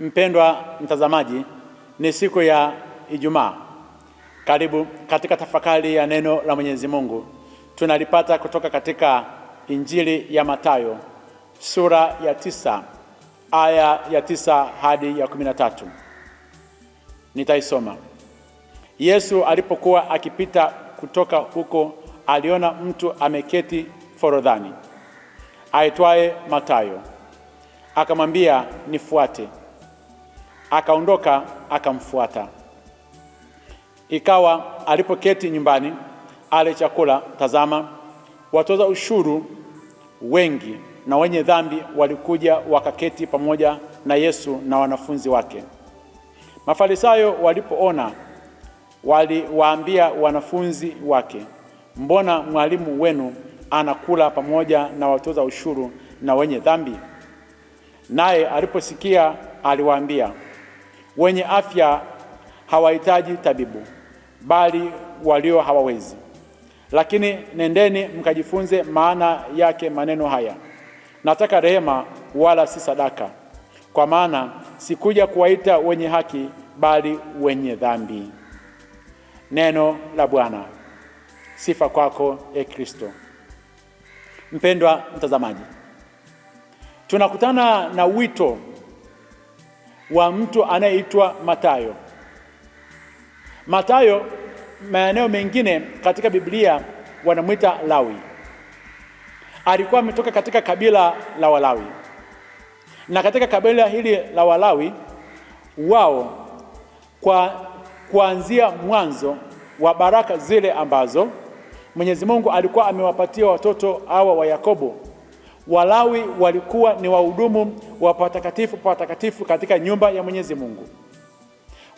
Mpendwa mtazamaji, ni siku ya Ijumaa. Karibu katika tafakari ya neno la Mwenyezi Mungu. Tunalipata kutoka katika Injili ya Mathayo sura ya tisa aya ya tisa hadi ya kumi na tatu. Nitaisoma. Yesu alipokuwa akipita kutoka huko, aliona mtu ameketi forodhani aitwaye Mathayo, akamwambia, nifuate. Akaondoka akamfuata. Ikawa alipoketi nyumbani ale chakula, tazama, watoza ushuru wengi na wenye dhambi walikuja wakaketi pamoja na Yesu na wanafunzi wake. Mafarisayo walipoona waliwaambia wanafunzi wake, mbona mwalimu wenu anakula pamoja na watoza ushuru na wenye dhambi? Naye aliposikia aliwaambia Wenye afya hawahitaji tabibu, bali walio hawawezi. Lakini nendeni mkajifunze maana yake maneno haya, nataka rehema, wala si sadaka, kwa maana sikuja kuwaita wenye haki, bali wenye dhambi. Neno la Bwana. Sifa kwako e Kristo. Mpendwa mtazamaji, tunakutana na wito wa mtu anayeitwa Matayo. Matayo maeneo mengine katika Biblia wanamwita Lawi. Alikuwa ametoka katika kabila la Walawi, na katika kabila hili la Walawi wao kwa kuanzia mwanzo wa baraka zile ambazo Mwenyezi Mungu alikuwa amewapatia watoto hawa wa Yakobo Walawi walikuwa ni wahudumu wa patakatifu patakatifu katika nyumba ya Mwenyezi Mungu.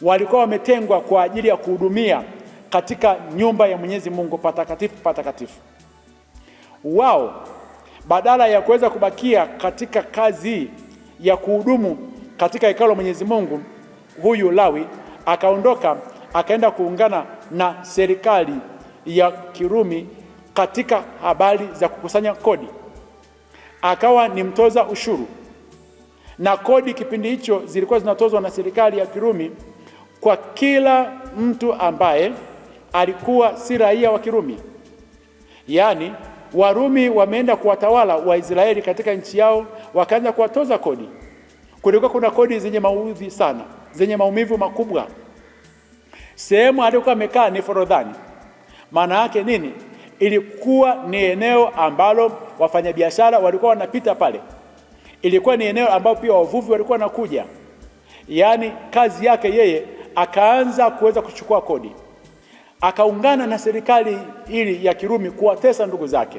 Walikuwa wametengwa kwa ajili ya kuhudumia katika nyumba ya Mwenyezi Mungu patakatifu patakatifu. Wao badala ya kuweza kubakia katika kazi ya kuhudumu katika hekalu la Mwenyezi Mungu, huyu Lawi akaondoka akaenda kuungana na serikali ya Kirumi katika habari za kukusanya kodi akawa ni mtoza ushuru, na kodi kipindi hicho zilikuwa zinatozwa na serikali ya Kirumi kwa kila mtu ambaye alikuwa si raia wa Kirumi. Yaani Warumi wameenda kuwatawala Waisraeli katika nchi yao, wakaanza kuwatoza kodi. Kulikuwa kuna kodi zenye maudhi sana, zenye maumivu makubwa. Sehemu alikuwa amekaa ni forodhani. Maana yake nini? ilikuwa ni eneo ambalo wafanyabiashara walikuwa wanapita pale, ilikuwa ni eneo ambalo pia wavuvi walikuwa wanakuja. Yaani kazi yake yeye akaanza kuweza kuchukua kodi, akaungana na serikali ili ya Kirumi kuwatesa ndugu zake.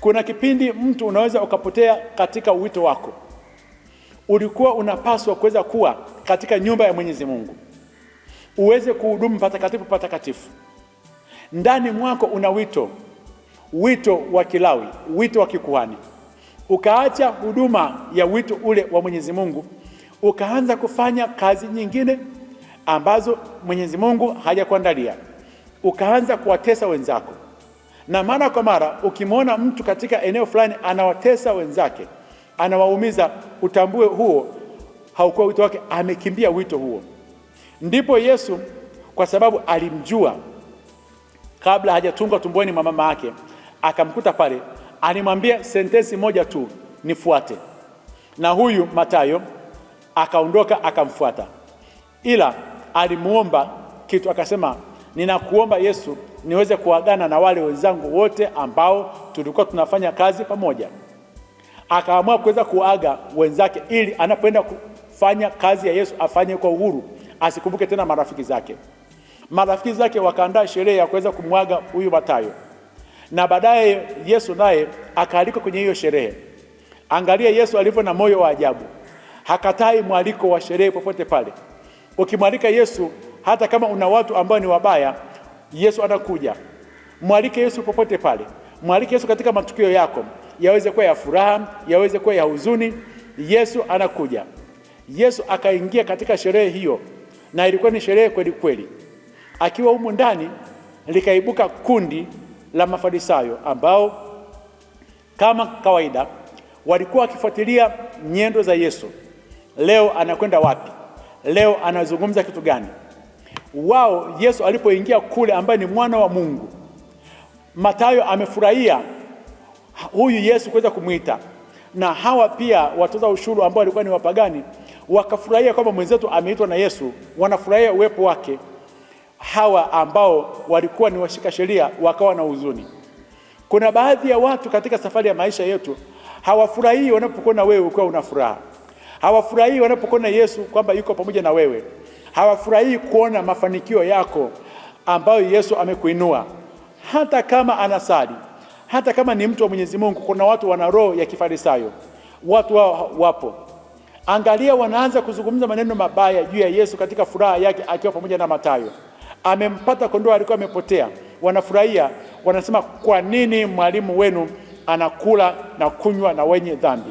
Kuna kipindi mtu unaweza ukapotea katika wito wako, ulikuwa unapaswa kuweza kuwa katika nyumba ya Mwenyezi Mungu uweze kuhudumu patakatifu patakatifu ndani mwako una wito, wito wa Kilawi, wito wa kikuhani, ukaacha huduma ya wito ule wa Mwenyezi Mungu ukaanza kufanya kazi nyingine ambazo Mwenyezi Mungu hajakuandalia, ukaanza kuwatesa wenzako. Na mara kwa mara ukimwona mtu katika eneo fulani anawatesa wenzake, anawaumiza, utambue huo haukuwa wito wake, amekimbia wito huo. Ndipo Yesu kwa sababu alimjua kabla hajatungwa tumboni mwa mama yake, akamkuta pale, alimwambia sentensi moja tu, nifuate. Na huyu matayo akaondoka akamfuata, ila alimuomba kitu, akasema ninakuomba Yesu, niweze kuagana na wale wenzangu wote ambao tulikuwa tunafanya kazi pamoja. Akaamua kuweza kuaga wenzake, ili anapoenda kufanya kazi ya Yesu afanye kwa uhuru, asikumbuke tena marafiki zake. Marafiki zake wakaandaa sherehe ya kuweza kumwaga huyu Mathayo, na baadaye Yesu naye akaalikwa kwenye hiyo sherehe. Angalia Yesu alivyo na moyo wa ajabu, hakatai mwaliko wa sherehe popote pale. Ukimwalika Yesu, hata kama una watu ambao ni wabaya, Yesu anakuja. Mwalike Yesu popote pale, mwalike Yesu katika matukio yako, yaweze kuwa ya furaha, yaweze kuwa ya huzuni, Yesu anakuja. Yesu akaingia katika sherehe hiyo, na ilikuwa ni sherehe kweli kweli akiwa humu ndani likaibuka kundi la Mafarisayo ambao kama kawaida walikuwa wakifuatilia nyendo za Yesu. Leo anakwenda wapi? Leo anazungumza kitu gani? Wao Yesu alipoingia kule, ambaye ni mwana wa Mungu, Mathayo amefurahia huyu Yesu kuweza kumwita, na hawa pia watoza ushuru ambao walikuwa ni wapagani wakafurahia kwamba mwenzetu ameitwa na Yesu, wanafurahia uwepo wake hawa ambao walikuwa ni washika sheria wakawa na huzuni. Kuna baadhi ya watu katika safari ya maisha yetu hawafurahii wanapokuona wewe ukiwa una furaha, hawafurahii wanapokuona Yesu kwamba yuko pamoja na wewe, hawafurahii kuona mafanikio yako ambayo Yesu amekuinua. Hata kama anasali, hata kama ni mtu wa Mwenyezi Mungu, kuna watu wana roho ya kifarisayo, watu wao wapo. Angalia, wanaanza kuzungumza maneno mabaya juu ya Yesu katika furaha yake akiwa pamoja na matayo amempata kondoo alikuwa amepotea. Wanafurahia, wanasema kwa nini mwalimu wenu anakula na kunywa na wenye dhambi?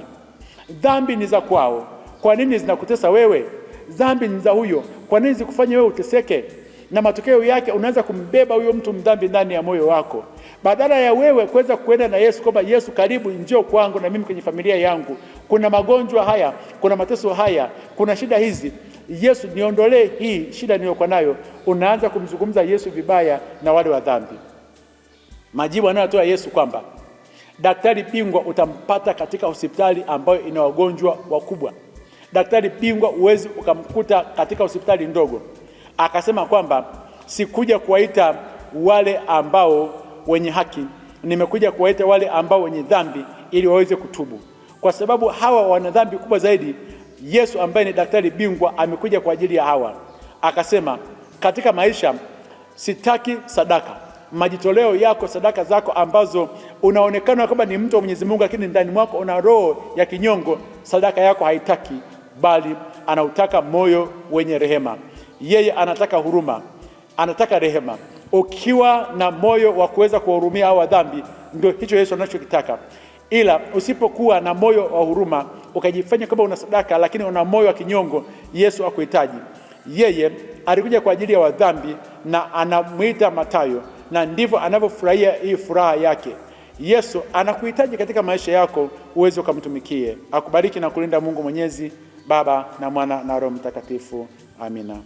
Dhambi ni za kwao, kwa nini zinakutesa wewe? Dhambi ni za huyo, kwa nini zikufanye wewe uteseke? Na matokeo yake unaanza kumbeba huyo mtu mdhambi ndani ya moyo wako, badala ya wewe kuweza kuenda na Yesu kwamba Yesu, karibu njoo kwangu na mimi kwenye familia yangu, kuna magonjwa haya, kuna mateso haya, kuna shida hizi Yesu, niondolee hii shida niliyokuwa nayo. Unaanza kumzungumza Yesu vibaya na wale wa dhambi. Majibu anayotoa Yesu kwamba daktari bingwa utampata katika hospitali ambayo ina wagonjwa wakubwa. Daktari bingwa huwezi ukamkuta katika hospitali ndogo. Akasema kwamba sikuja kuwaita wale ambao wenye haki, nimekuja kuwaita wale ambao wenye dhambi ili waweze kutubu, kwa sababu hawa wana dhambi kubwa zaidi Yesu ambaye ni daktari bingwa amekuja kwa ajili ya hawa. Akasema katika maisha sitaki sadaka, majitoleo yako, sadaka zako ambazo unaonekana kwamba ni mtu wa Mwenyezi Mungu, lakini ndani mwako una roho ya kinyongo. Sadaka yako haitaki, bali anautaka moyo wenye rehema. Yeye anataka huruma, anataka rehema. Ukiwa na moyo wa kuweza kuwahurumia hawa wadhambi, ndio hicho Yesu anachokitaka, ila usipokuwa na moyo wa huruma ukajifanya kama una sadaka, lakini una moyo wa kinyongo, Yesu akuhitaji. Yeye alikuja kwa ajili ya wadhambi na anamwita Mathayo, na ndivyo anavyofurahia hii furaha yake. Yesu anakuhitaji katika maisha yako uweze ukamtumikie. Akubariki na kulinda Mungu Mwenyezi, Baba na Mwana na Roho Mtakatifu. Amina.